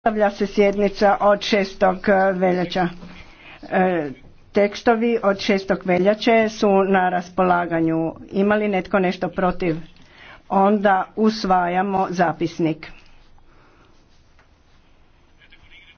Stavlja se sjednica od 6. E, veljača. E, tekstovi od 6. veljače su na raspolaganju. Ima li netko nešto protiv? Onda usvajamo zapisnik.